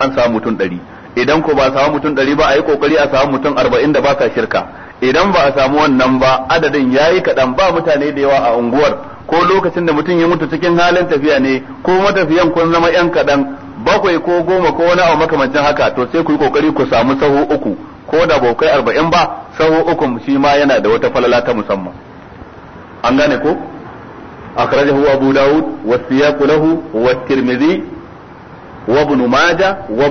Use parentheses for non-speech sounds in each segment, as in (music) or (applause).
an samu mutum ɗari idan ko ba a samu mutum ɗari ba a yi kokari a samu mutum arba'in da ba sa shirka idan ba a samu wannan ba adadin ya yi kaɗan ba mutane da yawa a unguwar ko lokacin da mutum ya mutu cikin halin tafiya ne ko matafiyan kun zama yan kaɗan bakwai ko goma ko wani abu makamancin haka to sai ku yi kokari ku samu sahu uku ko da ba kai arba'in ba sahu uku shi ma yana da wata falala ta musamman an gane ko akhrajahu abu daud wa siyaqu lahu wa tirmidhi wa ibn majah wa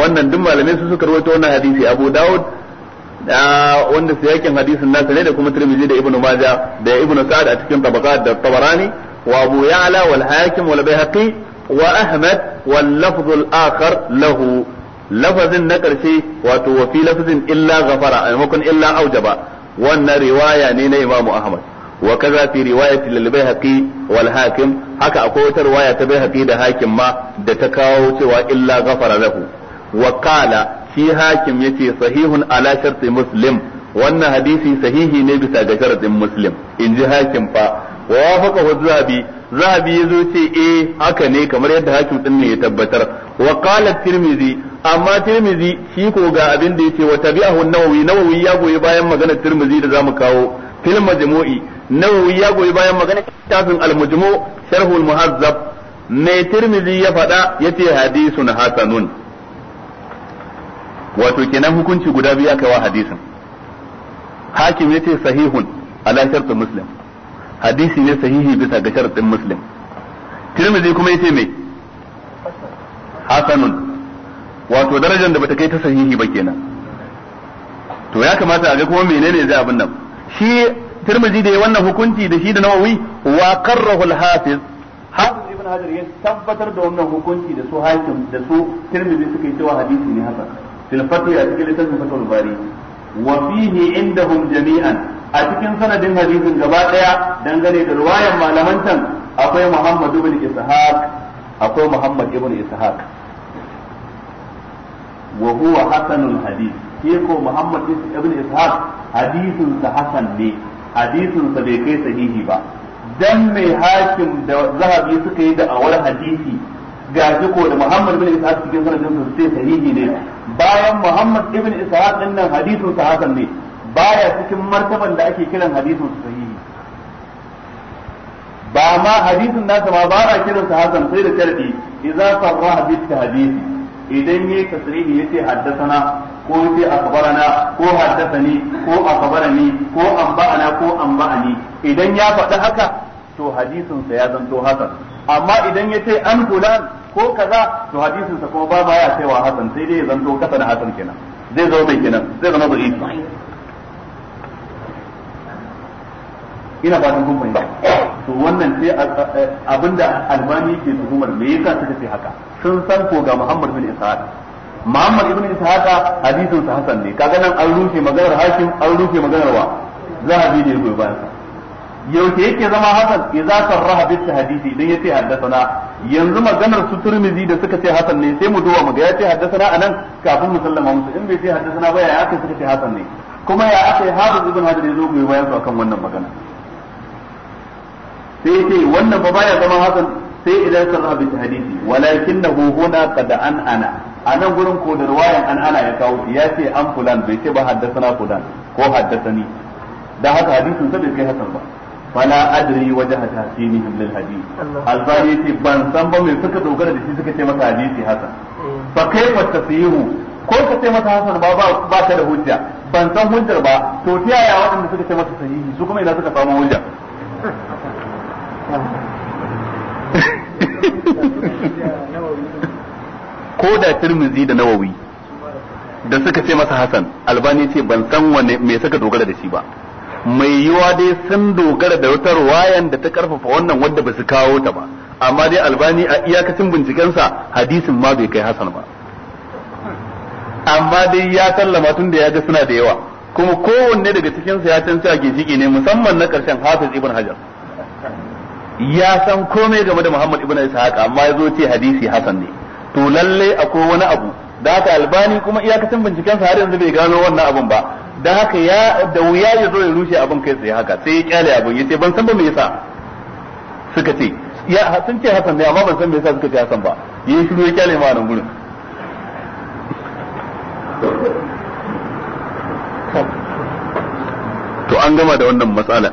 wannan duk malamai su suka rawaito wannan hadisi abu daud ah, wanda sayakin hadisin nasa ne da kuma tirmidhi da ibn majah da ibn sa'd a cikin tabaqat da tabarani wa abu ya'la wal hakim wal bayhaqi wa ahmad wal lafz al akhar lahu lafazin na karshe wato wa fi lafzin illa ghafara a maimakon illa aujaba wannan riwaya ne na imamu ahmad wa kaza fi riwayati lil bayhaqi wal hakim haka akwai wata riwaya ta bayhaqi da hakim ma da ta kawo cewa illa ghafara lahu wa qala shi hakim yace sahihun ala sharti muslim wannan hadisi sahihi ne bisa ga sharadin muslim in ji hakim fa wa wafaqahu zahabi zahabi yazo ce eh haka ne kamar yadda hakim din ne ya tabbatar wa qala tirmizi amma tirmizi shi ko ga abin da yace wa tabi'ahu nawawi nawawi ya goyi bayan maganar tirmizi da zamu kawo fil majmu'i nawawi ya goyi bayan magana tafin al-mujmu sharhul muhazzab mai tirmidhi ya faɗa yace hadisun hasanun wato kenan hukunci guda biyu aka wa hadisin hakim yace sahihun ala shartu muslim hadisi ne sahihi bisa ga shartin muslim tirmidhi kuma yace me hasanun wato darajar da bata kai ta sahihi ba kenan to ya kamata a ga kuma menene zai abin nan shi Tirmizi da ya wannan hukunci da shi da nawawi wa karrahu al-hafiz hafiz ibn hajar ya tabbatar da wannan hukunci da su hakim da su tirmidhi suka yi cewa hadisi ne haka fil fatih a cikin littafin fatul bari wa fihi indahum jami'an a cikin sanadin hadisin gaba daya dangane da riwayan malaman can akwai Muhammad ibn Ishaq akwai Muhammad ibn Ishaq wa huwa hasanul hadith shi ko Muhammad ibn Ishaq hadisin sa hasan ne hadisin sa bai kai sahihi ba dan mai hakim da zahabi suka yi da awar hadisi ga ko da Muhammad bin isa cikin sanadin su sai sahihi ne bayan Muhammad ibn isa din nan hadisin sa hasan ne baya cikin martaban da ake kiran hadisin su sahihi ba ma hadisin nasa ba ba a kiransa hasan sai da sharadi idza sarra bi hadisi idan ya tasrihi haddasa na, ko yace na, ko haddasa haddathani ko akhbarani ko anba'ana ko anba'ani idan ya faɗi haka to hadisin sa ya zanto hasan amma idan yace an fulan ko kaza to hadisin sa kuma ba ba ya cewa hasan sai dai ya zanto da hasan kenan zai zama mai kenan zai zama da'ifi ina fatan kun fahimta to wannan sai abinda albani ke tuhumar me yasa suka ce haka sun san ko ga muhammad bin ishaq muhammad ibn ishaq hadisin sa hasan ne kaga nan an rufe maganar hakim an rufe maganar wa zahabi ne goyi bayan sa Yauke yake zama hasan idza sarraha bi hadisi idan yace haddathana yanzu maganar su turmizi da suka ce hasan ne sai mu duba mu ga yace haddathana anan kafin mu sallama musu in bai ce haddathana ba ya aka suka ce hasan ne kuma ya aka yi hafiz ibn hajar ya zo goyi bayan su akan wannan magana sai ce wannan ba baya zama hasan sai idan sarraha bi hadisi walakinahu huna qad an ana anan gurin ko da riwayan an ana ya kawo ya ce an fulan bai ce ba haddathana fulan ko haddathani da haka hadisin sa bai kai hasan ba fala adri wajh tahsinihim lil hadith albani yace ban san ba me suka dogara da shi suka ce masa hadisi hasan fa kaifa tasihu ko ka ce masa hasan ba ba ka da hujja ban san hujjar ba to ta yaya waɗanda suka ce masa sahihi su kuma ina suka samu hujja (laughs) ko da tirmizi da nawawi da suka ce masa hasan albani ce ban san wane mai suka dogara da shi ba mai yiwa dai sun dogara da wata ruwayan da ta karfafa wannan wadda ba su kawo ta ba amma dai albani a iyakacin bincikensa hadisin ma bai kai hasan ba amma dai ya sallama tun da ya ga suna da yawa kuma kowanne daga cikinsa ya tantance a jiki ne musamman na ƙarshen hafiz ibn hajar ya san komai game da Muhammad ibn Ishaq amma ya zo ce hadisi hasan ne to lalle akwai wani abu da haka albani kuma iyakacin binciken sa har yanzu bai gano wannan abun ba da haka ya da wuya ya zo ya rushe abin kai sai haka sai ya kyale abun yace ban san ba me yasa suka ce ya sun ce hasan ne amma ban san me yasa suka ce hasan ba yayi shiru ya kyale ma nan gurin to an gama da wannan matsalar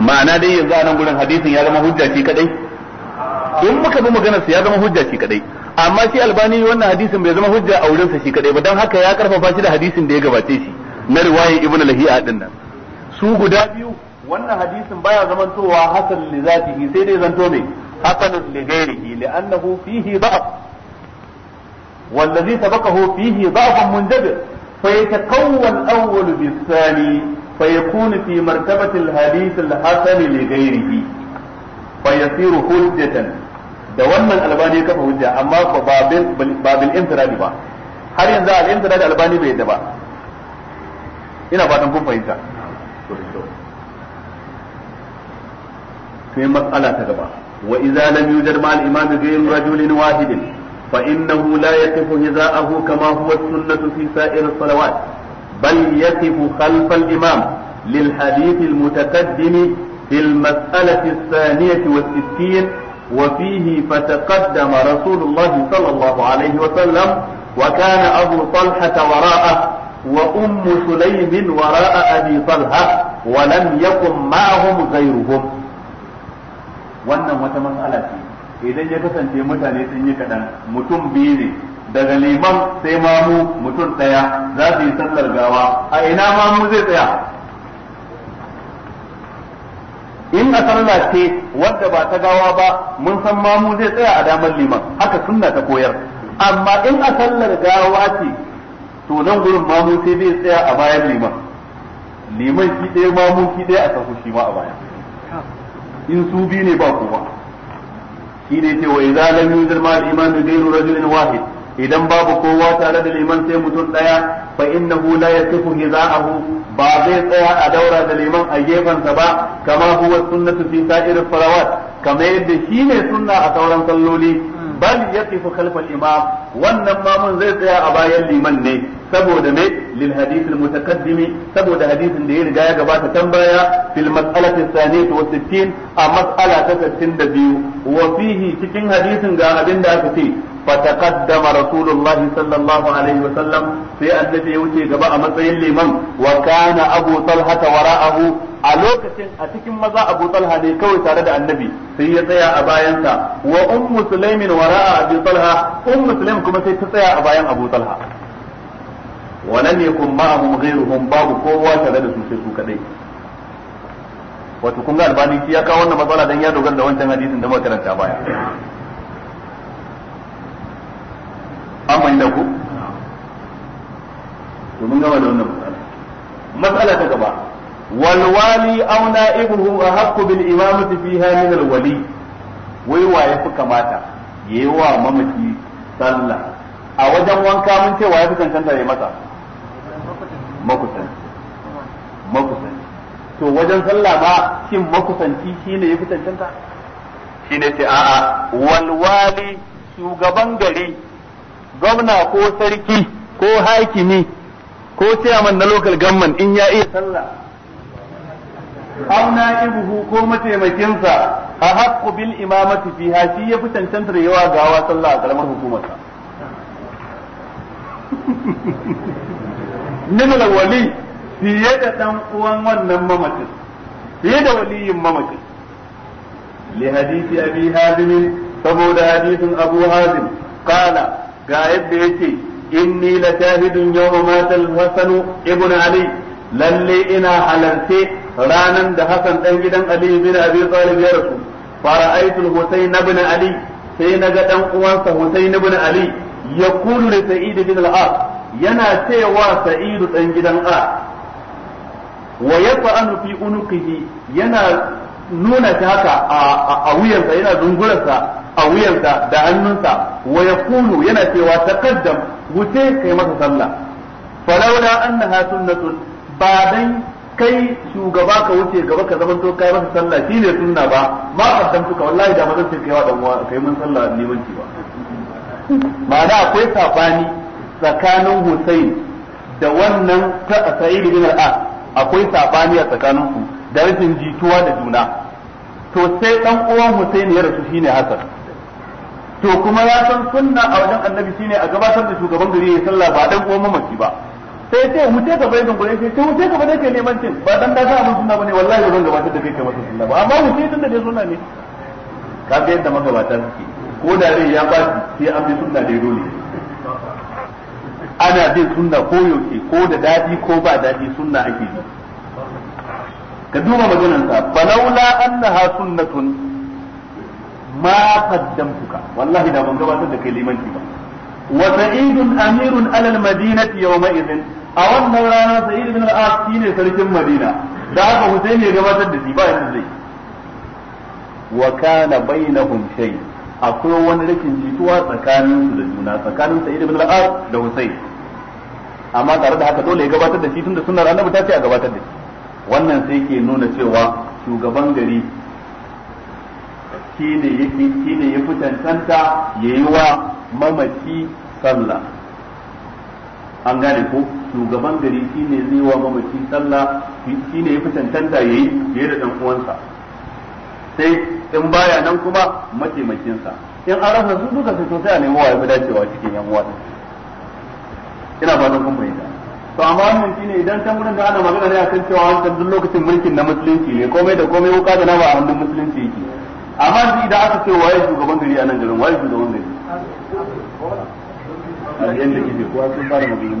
ma'ana dai yanzu a nan gurin hadisin ya zama hujja shi kadai in muka bi maganar sa ya zama hujja shi kadai amma shi albani wannan hadisin bai zama hujja a wurin sa shi kadai ba dan haka ya karfafa shi da hadisin da ya gabace shi na riwayar ibnu lahiya din nan su guda biyu wannan hadisin baya zamantowa hasan li zatihi sai dai zanto ne hasan li ghairihi li'annahu fihi da'f والذي سبقه فيه ضعف منجبر فيتكون الأول بالثاني فيكون في مرتبة الحديث الحسن لغيره فيصير حجة da wannan albani kafa hujja amma ba bil infiradi ba har yanzu al infiradi albani bai yadda ba ina fatan kun fahimta sai mas'ala ta gaba wa idza lam yujad ma al imam ghayr rajulin wahidin fa innahu la kama huwa sunnatu fi sa'ir بل يقف خلف الإمام للحديث المتقدم في المسألة الثانية والستين وفيه فتقدم رسول الله صلى الله عليه وسلم وكان أبو طلحة وراءه وأم سليم وراء أبي طلحة ولم يكن معهم غيرهم wannan wata matsala ce idan ya kasance mutane sun yi kaɗan mutum biyu ne daga liman sai mamu mutum ɗaya za su yi sallar gawa a ina mamu zai tsaya in a sallah ce wadda ba ta gawa ba mun san mamu zai tsaya a damar liman haka sunna ta koyar amma in a sallar gawa ce to nan gurin mamu sai zai tsaya a bayan liman liman shi ɗaya mamu shi ɗaya a sahu shi ma a baya in su biyu ne ba kowa shi ne ce wa idan lam ma al-iman bi rajulin wahid idan babu kowa tare da liman sai mutum daya fa innahu la yasifu hiza'ahu ba zai tsaya a daura da liman a gefansa ba kama huwa sunnatu fi sa'ir salawat kama yadda shine sunna a sauran salloli bal yaqifu khalfa imam wannan mun zai tsaya a bayan liman ne saboda me lil hadith al mutaqaddimi saboda hadisin da ya riga ya gabata tambaya baya fil mas'alati thaniyati wa sittin a mas'ala ta 62 wa fihi cikin hadisin ga abin da aka ce فتقدم رسول الله صلى الله عليه وسلم sai annabi ya wuce gaba a matsayin liman wa kana abu talha wara'ahu a lokacin a cikin maza abu talha ne kawai tare da annabi sai ya tsaya a bayansa wa ummu sulaimin wara'a abu talha ummu kuma sai ta tsaya a bayan abu talha wa lam yakun ma'ahum ghayruhum babu kowa tare da su su kadai albani ya kawo matsala dan ya dogara da wancan hadisin da muka karanta baya amma da ku to mun gama da wannan matsala ta gaba wal wali aw na'ibuhu ahaqqu bil imamati fiha min al wali wai wa yafi kamata yayi wa mamaci sallah a wajen wanka mun ce wa yafi cancanta yayi masa makusanci makusanci to wajen sallah ba shin makusanci shine yafi cancanta shine ce a'a wal wali shugaban gari gwamna ko sarki ko hakimi ko chairman na local gamman in ya iya sallah aw na'ibuhu ko mataimakinsa a haqqu bil imamati fi shi ya fi da yawa gawa sallah a karamar hukumarsa (laughs) min wali fi da dan uwan wannan mamacin fi da waliyin mamacin li hadisi abi hadim saboda hadisin abu hadim qala ga yadda yake inni la shahidun yawma matal hasanu ibnu ali lalle ina halarce ranan da hasan dan gidan ali bin abi talib ya rasu fara'aytul husayn ibn ali sai naga dan uwansa husayn ibn ali yaqulu li sa'id bin al aq yana cewa sa'idu dan gidan a wa yaf'anu fi unuqihi yana nuna shi haka a wuyansa yana zungurarsa a wuyansa da hannunsa wa yaqulu yana cewa kaddam wuce kai masa sallah falawla annaha sunnatun ba dan kai shugaba ka wuce gaba ka zama to kai masa sallah shine sunna ba ma kaddam ka wallahi da bazan ce kai wa dan kai mun sallah neman ci ba ma'ana akwai sabani tsakanin Hussein da wannan ta Sa'id bin al akwai sabani a tsakaninku. da rashin jituwa da juna to sai dan uwan Husaini ya rasu shine Hassan to kuma ya san sunna a wajen annabi shine a gabatar da shugaban gari ya sallah ba dan uwan mamaci ba sai ce ce ka bai gure sai ce wuce ka bai kai neman cin ba dan da za mu sunna bane wallahi ba zan gabatar da kai kai masa sunna ba amma ce tun da dai sunna ne ka ga yadda magabata suke ko da rai ya ba sai an bi sunna dai dole ana bin sunna ko yaushe ko da dadi ko ba dadi sunna ake yi. ka duba maganansa falaula annaha sunnatun ma qaddamtuka wallahi da ban gabatar da kai limanci ba wa sa'idun amirun alal madinati yawma idhin a wannan rana sa'id ibn al-as shine sarkin madina da haka husaini ya gabatar da shi ba yanda zai wa kana bainahum shay akwai wani rikin jituwa tsakanin su da juna tsakanin sa'id ibn al-as da husaini amma tare da haka dole ya gabatar da shi tunda sunnar annabi ta ce a gabatar da shi wannan sai ke nuna cewa shugaban gari shi ne ya fi ne ya yi wa mamaci sallah an gane ko shugaban gari shi ne zai wa mamaci sallah shi ne ya fitantanta ya yi fiye da ɗan uwansa sai in baya nan kuma mataimakinsa in an rasa su duka sai sosai a nemo wa ya fi dacewa cikin yan uwa ina fatan kun fahimta to amma wannan shine idan can gurin da ana magana ne akan cewa wancan duk lokacin mulkin na musulunci ne komai da komai wuka da nawa a hannun musulunci yake amma shi idan aka ce waye shugaban gari a nan garin waye shugaban gari al'yan da ke kowa sun fara magana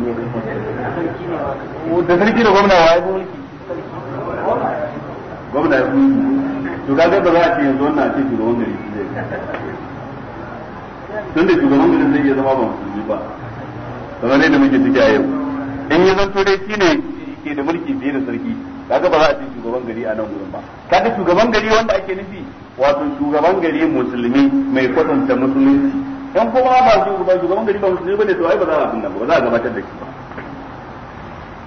da sarki da gwamna waye mulki gwamna ya fi to ga kaga ba za a ce yanzu wannan a ce shugaban gari tun da shugaban gari zai iya zama ba musulmi ba kamar yadda muke ciki a yau in zan turai shi ne ke da mulki biyu da sarki kaga ba za a ce shugaban gari a nan gurin ba kaga shugaban gari wanda ake nufi wato shugaban gari musulmi mai kwatanta musulunci in kuma ba shugaban shugaban gari ba musulmi bane to ai ba za a abin nan ba za a gabatar da shi ba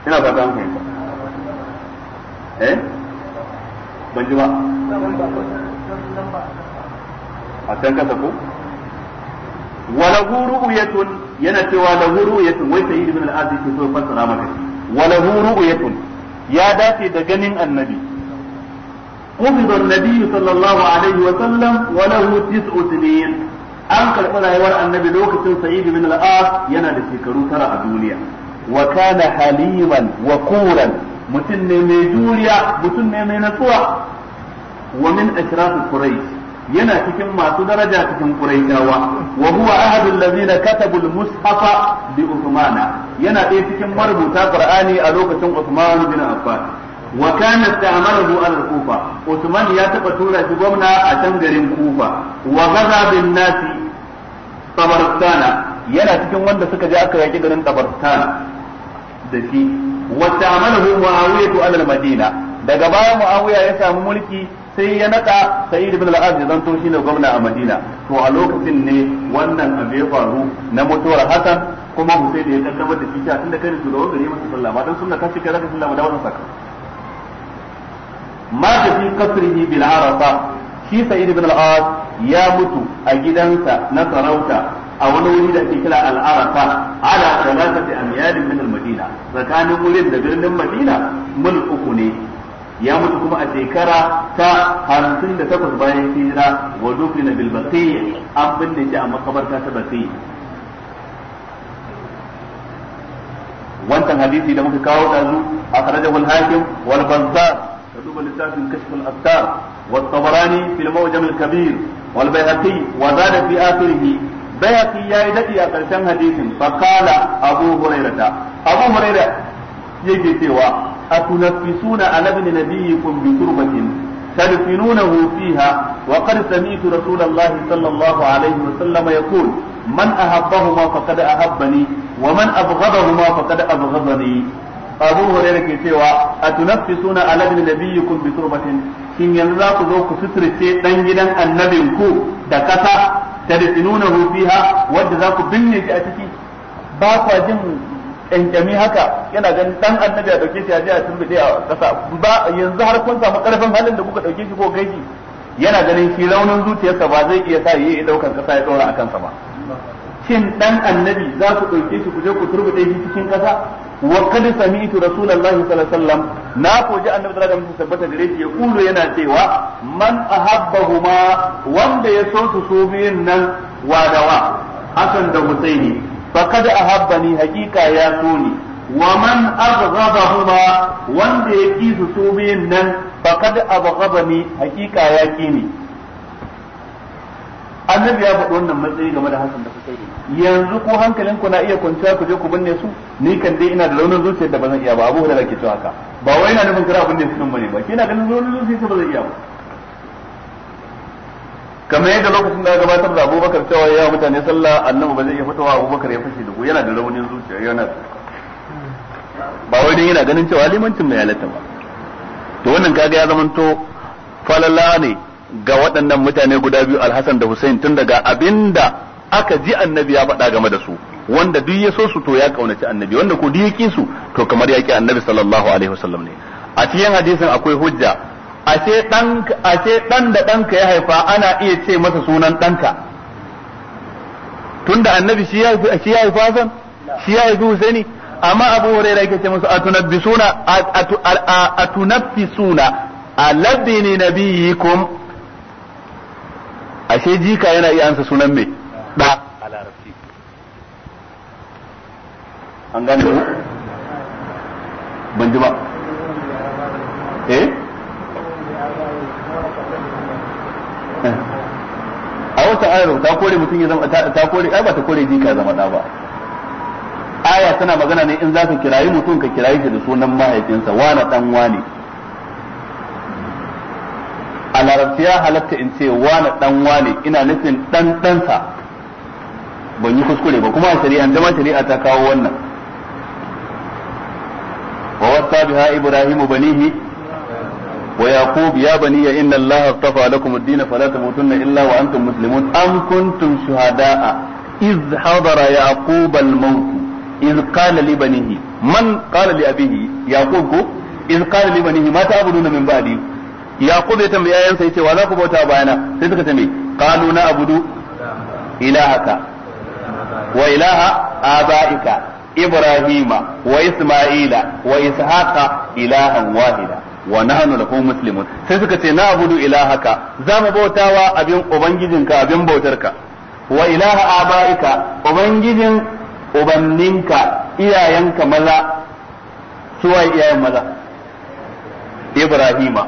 ina fata an eh ban ji ba a can kasa ko walahu ru'yatun yana cewa lahu ru'yatun wai sayyid ibn al-azzi ke so fassara maka wa lahu ru'yatun ya dace da ganin annabi قبض النبي صلى الله عليه وسلم وله تسع سنين an karɓi rayuwar annabi lokacin sa'id bin al yana da shekaru tara a duniya wa kana haliman wa quran mutum ne mai juriya mutum ne mai natsuwa wa min ashraf yana cikin masu daraja cikin Quraishawa wa huwa ahadul ladzina katabul mushafa bi Uthmana yana ɗaya cikin marubuta Qur'ani a lokacin Uthman bin Affan wa kana ista'malahu al Kufa Uthman ya taba tura shi gwamna a can garin Kufa wa gaza bin nasi Tabarstana yana cikin wanda suka je aka yaki garin Tabarstana da shi wa ta'amalahu Muawiyah al Madina daga baya Muawiya ya samu mulki sai ya nada sa'id ibn al-az ya zanto shine gwamna a madina to a lokacin ne wannan abu ya faru na mutuwar hasan kuma da ya kaddamar da shi tunda kai ne shugaban gari masa sallah dan sunna kashi kai zaka sallama da wannan saka mata fi qasrihi bil arafa shi sa'id ibn al-az ya mutu a gidansa na sarauta a wani wuri da ake kira al-arafa ala salatati amyal min al-madina tsakanin wurin da birnin madina mul uku ne ya mutu kuma a shekara ta hamsin da takwas bayan hijira wa dufina bil baqi an binne shi a makabarta ta baqi wancan hadisi da muka kawo dazu akhrajahu al-hakim wal bazzar ka duba littafin kashf al-astar wa tabarani fil mawjam al-kabir wal bayhaqi wa zada fi akhirih bayhaqi yayi dadi a karshen hadisin fa qala abu hurairah abu hurairah yake cewa أتنفسون على ابن نبيكم بتربة تدفنونه فيها وقد سمعت رسول الله صلى الله عليه وسلم يقول من أحبهما فقد أحبني ومن أبغضهما فقد أبغضني abu hurairah ke cewa a tunaffisuna ala ibn nabiyyikum bi turbatin kin yanzu za ku zo ku suturce dan gidan annabin ku da kasa da fiha wadda za ku binne shi a ciki ba jin kyankyami haka yana ganin dan annabi a dauke shi a je a a kasa ba yanzu har kun samu karfin halin da kuka dauke shi ko kai yana ganin shi raunin zuciyarsa ba zai iya sa yi daukan kasa ya dora a sa ba shin dan annabi za ku dauke shi ku je ku turbe shi cikin kasa wa kad sami'tu rasulullahi sallallahu alaihi wasallam na koji annabi sallallahu alaihi wasallam tabbata gare shi ya kulo yana cewa man ahabbahuma wanda ya so su su biyun nan wa dawa hasan da husaini فقد ahabbani حقيقة ya سوني ومن wa man abghadahuma wanda ya أبغضني su يا كيني ya ni annabi ya faɗi wannan matsayi game da Hassan da Husaini yanzu ko hankalin ku na iya kwanciya ku je ku binne su ni kan dai ina da launin zuciya da ba zan iya ba Abu da ke cewa haka ba wai ina nufin kira binne su nan bane ba kina ganin launin zuciya ba zan iya ba kamar yadda lokacin da gabatar da abubakar cewa ya mutane sallah annabi ba zai iya fitowa abubakar ya fashe da ku yana da raunin zuciya yana ba wai dan yana ganin cewa limancin mai halatta ba to wannan kaga ya zamanto falala ne ga waɗannan mutane guda biyu alhassan da hussein tun daga abinda aka ji annabi ya faɗa game da su wanda duk ya so su to ya kaunaci annabi wanda ko duk ya ki su to kamar ya ki annabi sallallahu alaihi wasallam ne a cikin hadisin akwai hujja ashe dan ashe dan da danka ya haifa ana iya ce masa sunan danka tunda annabi shi ya shi ya haifa Hassan shi ya haifi Husaini amma Abu Hurairah yake ce musu atunabbisuna atunabbisuna alladhi nabiyikum ashe jika yana iya ansa sunan me da an gane ban jima. eh a wata ayar ta kore mutum ya zama ta kore ai ba ta kore jika ya zama da ba aya tana magana ne in za ka kirayi mutum ka kirayi shi da sunan mahaifinsa wane dan wane a larabci ya halatta in ce wane dan wane ina nufin dan ɗansa ban yi kuskure ba kuma a shari'a dama shari'a ta kawo wannan wa wasa biha ibrahimu banihi ويعقوب يا بني إن الله اصطفى لكم الدين فلا تموتن إلا وأنتم مسلمون أم كنتم شهداء إذ حضر يعقوب الموت إذ قال لبنيه من قال لأبيه يعقوب إذ قال لبنيه ما تعبدون من بعدي يعقوب يتم آيانسا يتي ولا كبوتا بانا سيدك تمي قالوا نعبد إلهك وإله آبائك إبراهيم وإسماعيل وإسحاق إلها واحدا wa nahnu lakum muslimun sai suka ce na abudu ilahaka zamu bautawa abin ubangijinka abin bautarka wa ilaha abaika ubangijin ubanninka iyayenka maza suwa iyayen maza ibrahima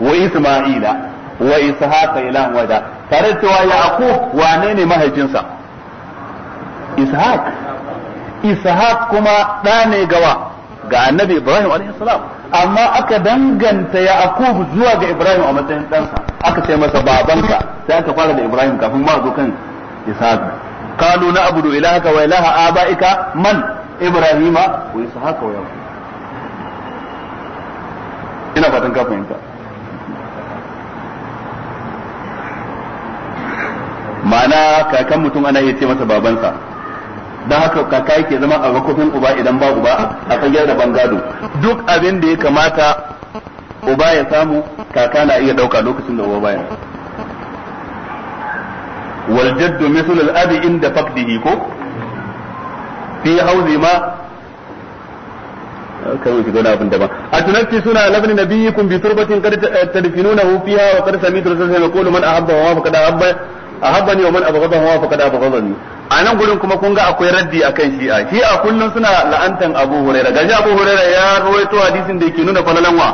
wa isma'ila wa ishaqa ilahan wada tare cewa yaqub wane ne mahaifinsa ishaq ishaq kuma ɗa ne gawa ga annabi ibrahim alaihi salam amma aka danganta akubu zuwa ga Ibrahim a matsayin ɗansa aka ce masa babanka sai aka fara da Ibrahim kafin ma zo kan Ishaq kalu na abudu ilahaka wa ilaha abaika man Ibrahima wa Ishaq wa Yaqub ina fatan ka fahimta ma'ana kakan mutum ana iya ce masa babansa da haka kaka yake zama a makofin uba idan ba uba a fagen da bangado duk abin da ya kamata uba ya samu kaka na iya dauka lokacin da uba bayan wal jaddu mithl al abi inda faqdihi ko fi hauzi ma kawai ki zauna abin daban a tunanci suna labni nabiyyikum bi turbatin qad tadfinunahu fiha wa qad sami'tu rasulullah yaqulu man ahabba wa kada ahabba ahabbani wa man abghadahu wa faqad abghadani anan gurin kuma kun ga akwai raddi akan shi'a shi'a kullun suna la'antan Abu huraira ga Abu huraira ya rawaito hadisin da yake nuna falalan wa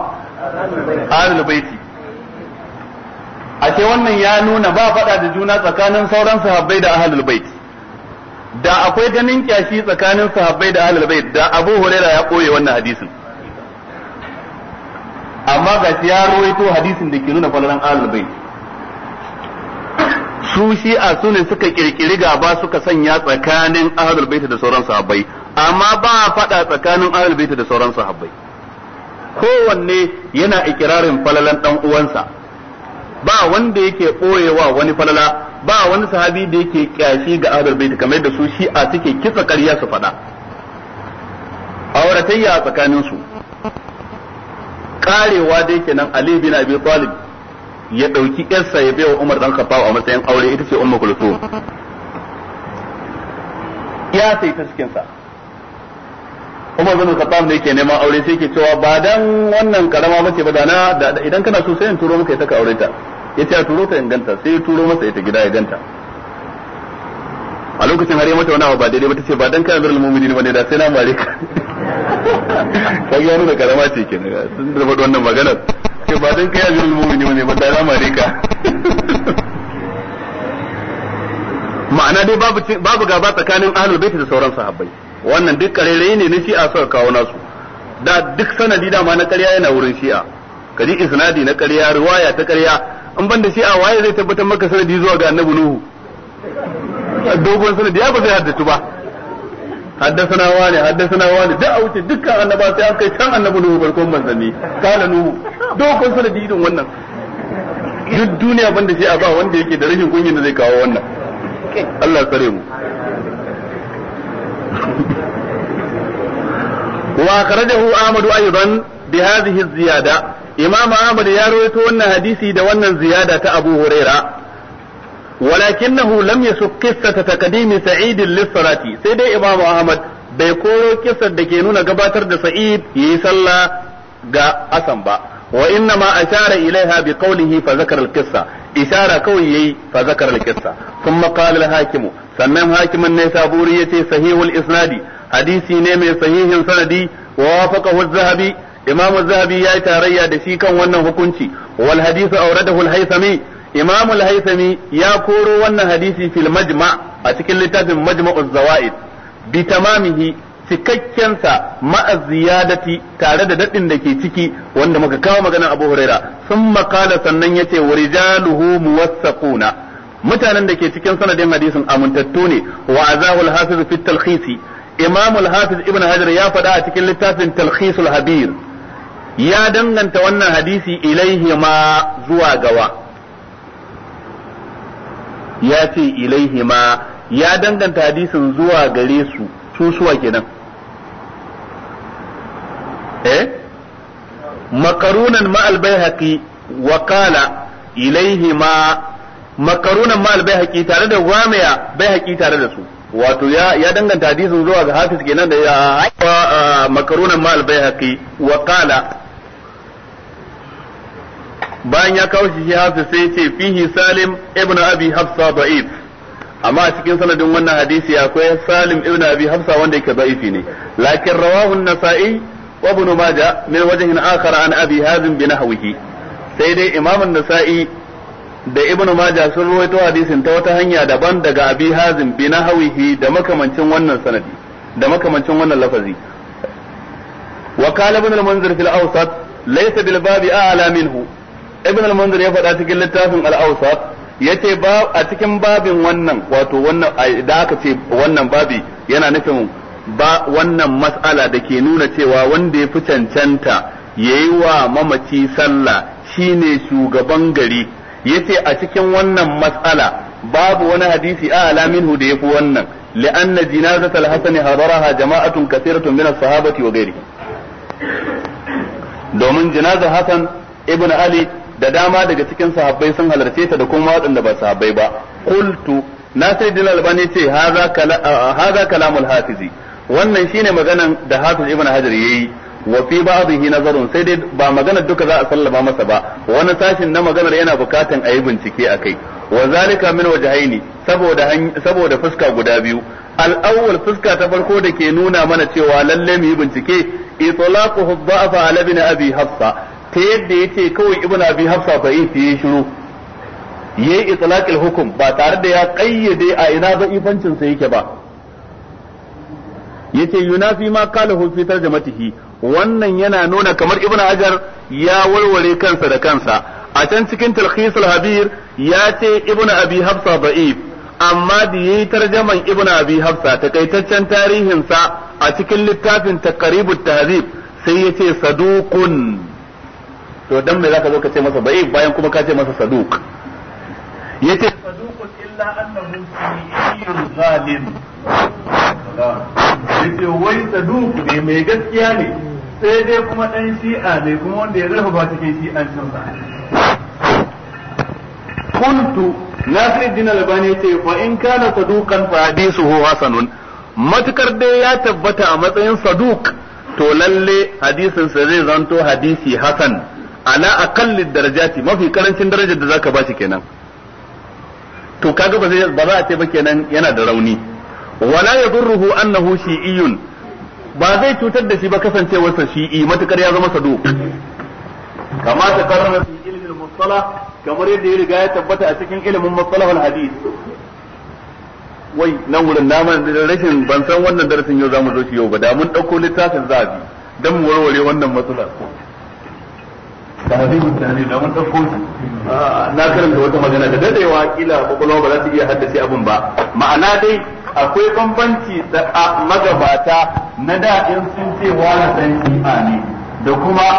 ahlul baiti ce wannan ya nuna ba fada da juna tsakanin sauran sahabbai da ahlul bait da akwai ganin kyashi tsakanin sahabbai da ahlul bait da Abu huraira ya koye wannan hadisin amma ga ya rawaito hadisin da ke nuna falalan ahlul bait su shi'a su ne suka kirkiri gaba suka sanya tsakanin ahlul baiti da sauran sahabbai amma ba faɗa tsakanin ahlul baiti da sauran sahabbai kowanne yana ikirarin falalan dan uwansa ba wanda yake boyewa wani falala ba wani sahabi da yake kyashi ga ahlul baiti kamar da su shi'a suke kitsa ƙarya su faɗa auratayya a tsakanin su karewa da yake nan, Ali bin Abi Talib ya dauki yarsa ya bai wa Umar dan Khattab a matsayin aure ita ce Ummu Kulthum ya sai ta cikin sa Umar bin Khattab ne ke neman aure sai ke cewa ba dan wannan karama bace ba da na idan kana so sai in turo maka ita ka aure ta yace a turo ta in ganta sai ya turo masa ita gida ya ganta a lokacin har ya mata wani abu ba daidai ba tace ba dan kana zurul mu'minin bane da sai na mare ka kai ya nuna karama ce kenan sun da faɗi wannan maganar ke ba dan kai ajrul mu'mini ne ba da rama ne ka ma'ana dai babu babu gaba tsakanin ahlul bait da sauran sahabbai wannan duk karere ne na shi'a suka kawo nasu da duk sanadi dama na ƙarya yana wurin shi'a kaji isnadi na ƙarya riwaya ta ƙarya in ban da shi'a waye zai tabbatar maka sanadi zuwa ga annabi nuhu dogon sanadi ya ba zai haddatu ba haddasana wani haddasana wani da a wuce dukkan annaba sai an kai can annabi nuhu barkon manzanni kala nuhu dokon sanadi irin wannan duk duniya banda shi a ba wanda yake da rashin kungin da zai kawo wannan Allah tsare mu wa kharajahu amadu aidan bi hadhihi ziyada Imam Ahmad ya rawaito wannan hadisi da wannan ziyada ta Abu Huraira Walakin walakinahu lam yasuk qissata taqdimi sa'id lis-salati sai dai imam ahmad bai koro kissar da ke nuna gabatar da sa'id yayi sallah ga asan ba wa inna ma ashara ilaiha bi qawlihi fa zakara al ishara kawai yayi fa zakara al-qissa thumma qala hakimu sannan hakimin ne saburi yace sahihul isnadi hadisi ne mai sahihin sanadi wa wafaqahu az-zahabi imamu zahabi ya yi tarayya da shi kan wannan hukunci wal hadithu awradahu al-haythami Imamul Haisami ya koro wannan hadisi fil majma a cikin littafin Majma'uz Zawaid bi tamamihi cikakken sa ma'a ziyadati tare da daɗin da ke ciki wanda muka kawo magana Abu Huraira sun makala sannan yace wa rijaluhu muwassaquna mutanen da ke cikin sanadin hadisin amintattu ne wa azahul hafiz fi Imamul Imam al-Hafiz Ibn Hajar ya faɗa a cikin littafin Talkhisul Habir ya danganta wannan hadisi ilaihi ma zuwa gawa ya ce ma ya danganta hadisin zuwa gare su su suwa kenan eh makarunan ma'al bai wa qala ma makarunan ma'al bai tare da wamiya baihaqi tare da su wato ya ya danganta hadisin zuwa ga hafiz kenan da ya makarunan ma'al bai wa qala bayan ya kawo shi shi hafsa sai ce fihi salim ibn abi hafsa da'if amma a cikin sanadin wannan hadisi akwai salim ibn abi hafsa wanda yake da'ifi ne lakin rawahu an-nasa'i wa ibn majah min wajhin akhar an abi hazim bi nahwihi sai dai imam an-nasa'i da ibn majah sun rawaito hadisin ta wata hanya daban daga abi hazim bi nahwihi da makamancin wannan sanadi da makamancin wannan lafazi wa qala ibn al-munzir fil awsat laysa bil babi a'la minhu ibn al-munzir ya faɗa cikin littafin al-awsat yace ba a cikin babin wannan wato wannan da aka ce wannan babi yana nufin ba wannan mas'ala da ke nuna cewa wanda ya fi cancanta yayi wa mamaci sallah shine shugaban gari yace a cikin wannan mas'ala babu wani hadisi a alamin da yafi wannan لأن جنازة الحسن حضرها جماعة كثيرة من الصحابة وغيرهم domin jinazar hasan ibn Ali da dama daga cikin sahabbai sun halarce ta da kuma waɗanda ba sahabbai ba qultu nasiruddin albani ce haza haza kalamul hafizi wannan shine maganan da hafiz ibn hajar yayi wa fi ba'dihi nazarun sai dai ba maganar duka za a sallama masa ba wani sashin na maganar yana bukatan ayi yi bincike akai wa zalika min wajhaini saboda saboda fuska guda biyu al-awwal fuska ta farko da ke nuna mana cewa lalle mu yi bincike itlaquhu dha'fa ala ibn abi hafsa ta yadda ya ce kawai ibn abi hafsa ba yi shiru ya yi itlaqil hukum ba tare da ya kayyade a ina ba ifancin sa yake ba yace yunafi ma kalahu fi tarjamatihi wannan yana nuna kamar ibn Ajar ya warware kansa da kansa a can cikin talkhis al-habir ya ce ibn abi hafsa da'if amma da yayi tarjaman ibn abi hafsa takaitaccen tarihin sa a cikin littafin taqribut tahzib sai yace saduqun to dan me zaka zo ka ce masa bai bayan kuma ka ce masa saduq yace saduqun illa annahu fiyyun zalim yace wai saduq ne mai gaskiya ne sai dai kuma dan shi'a ne kuma wanda ya zarfa ba cikin shi'an cin sa kuntu nasiruddin albani yace fa in kana saduqan fa hadithuhu hasanun matukar dai ya tabbata a matsayin saduq to lalle hadisin sa zai zanto hadisi hasan ala aqallid darajati mafi karancin darajar da zaka bashi kenan to kaga ba zai ba za a ce ba kenan yana da rauni wala yadurruhu annahu shi'iyyun ba zai cutar da shi ba kasancewarsa shi'i matukar ya zama sadu kama ta karara fi ilmin mustalah kamar yadda ya riga ya tabbata a cikin ilimin mustalah al hadith wai nan wurin naman rashin ban san wannan darasin yau zamu zo shi yau ba da mun dauko littafin zabi dan mu warware wannan matsalar da hadisin tani da na karanta wata magana da dadewa kila kwakwalwa ba za ta iya haddace abin ba ma'ana dai akwai bambanci da magabata na da in sun ce wani dan shi'a ne da kuma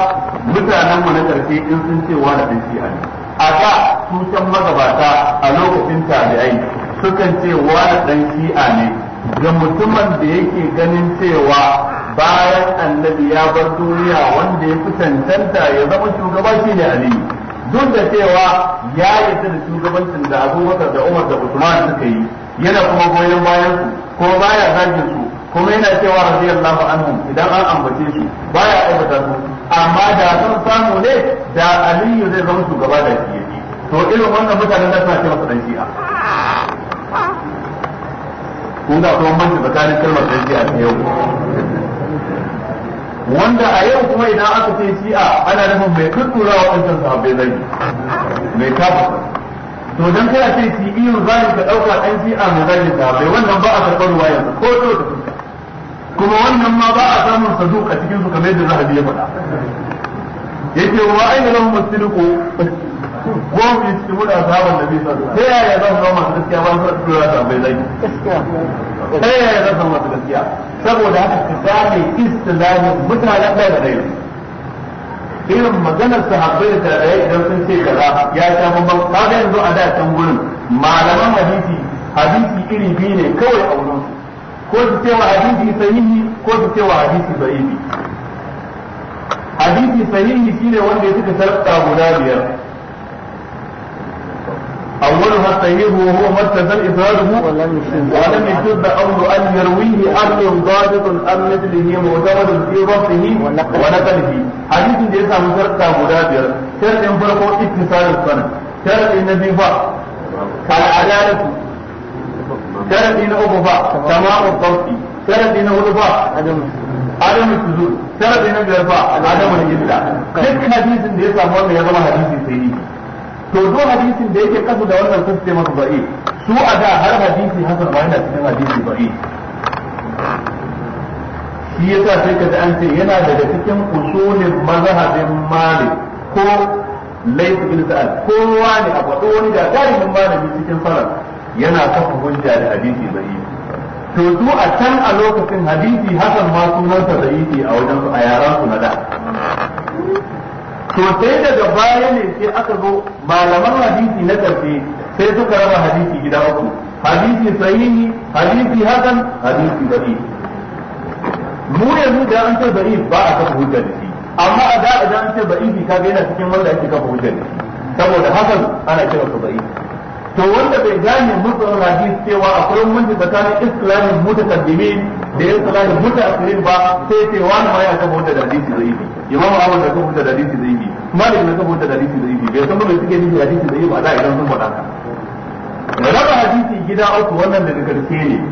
mutanen mu na in sun ce wani dan shi'a ne a da su magabata a lokacin tabi'ai sukan ce wani dan shi'a ne ga mutumin da yake ganin cewa bayan annabi ya bar duniya wanda ya fi tantanta ya zama shugaba shi ne aliyu duk da cewa ya yarda da shugabancin da abubakar da umar da usman suka yi yana kuma goyon bayan su ko baya zagin su kuma yana cewa radiyallahu anhu idan an ambace su baya aibata su amma da sun samu ne da aliyu zai zama shugaba da shi to irin wannan mutanen da suna ce masa dan shi'a kun ga kuma manci tsakanin kalmar dan shi'a ta yau wanda a yau kuma idan aka ce a ana nufin mai tuttura wa ɗansan sahabbai zai mai kafa to dan kai a ce iyo zai ka ɗauka shi a mai zai sahabbai wannan ba a karɓar ruwa yanzu ko to kuma wannan ma ba a samun sadu a cikin su kamar yadda zahabi ya faɗa yake wa ai lahum musliku ko mu yi cikin da sahabban nabi sallallahu alaihi wasallam sai ya zama masu gaskiya ba su da tuttura sahabbai zai tsaya ya zama masu gaskiya saboda haka ka gane istilahin mutanen da da irin maganar sahabbai da tarayi idan sun ce za ya sha bambam ba ga yanzu a da can gurin malaman hadisi hadisi iri biyu ne kawai a wurin ko su ce wa hadisi sahihi ko su ce wa hadisi da'ifi hadisi sahihi shine wanda ya suka sarrafa guda biyar أولها الصحيح وهو ما اتصل إسناده ولم يشد أمر أن يرويه أمر ضابط أم مثله معتمد في رفعه ونقله حديث ليس مشرطا مدابر شرط فرقه اتصال السند شرط النبي فا كالعدالة شرط أبو فا تمام الضبط شرط أبو فا عدم السجود شرط أبو فا عدم الجدة كل حديث ليس مهم يضم حديث سيدي to do hadisin da yake kasu da wannan sun sai masu ba'i su a da har hadisi hasan ba yana cikin hadisi ba'i shi ya sa sai ka an ce yana daga cikin usulin mazhabin malik ko laifin bin sa'ad kowa ne a faɗo wani da galibin malami cikin faran yana kafa hujja da hadisi ba'i to su a can a lokacin hadisi hasan ma sunansa ba'i a wajen su a yaran su na da to sai daga baya ne sai aka zo malaman hadisi na ƙarfe sai suka raba hadisi gida uku hadisi sahihi hadisi hasan hadisi bari mu yanzu da an ce bari ba a kafa hujja da shi amma a da idan an ce ka ga yana cikin wanda ake kafa hujja da shi saboda hasan ana kira su bari to wanda bai gane musulun hadis cewa akwai munci tsakanin islamin mutakaddimin da islamin mutaakhirin ba sai ce wani ma ya kafa wanda da hadisi zai yi imam ahmad da kafa wanda da hadisi zai yi malik na kafa wanda da hadisi zai yi bai san ba mai suke nufi hadisi zai yi ba da idan sun faɗa raba hadisi gida uku wannan daga karshe ne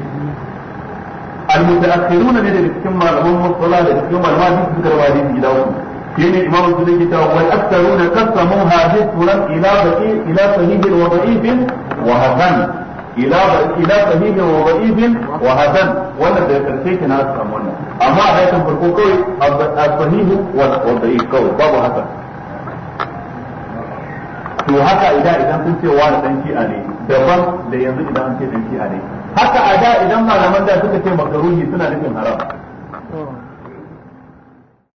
المتأخرون من الكتاب معلومون مصطلح الكتاب معلومات ذكر وادي gida داود shine imam al-Bukhari ke cewa wal aktharuna qasamuha hithran ila baqi ila sahih wa da'if wa da karshe farko kawai babu to haka idan idan sun ce wani dan shi'a ne daban da yanzu idan an ce dan shi'a ne haka a da idan malaman da suka ce makaruhi suna nufin haram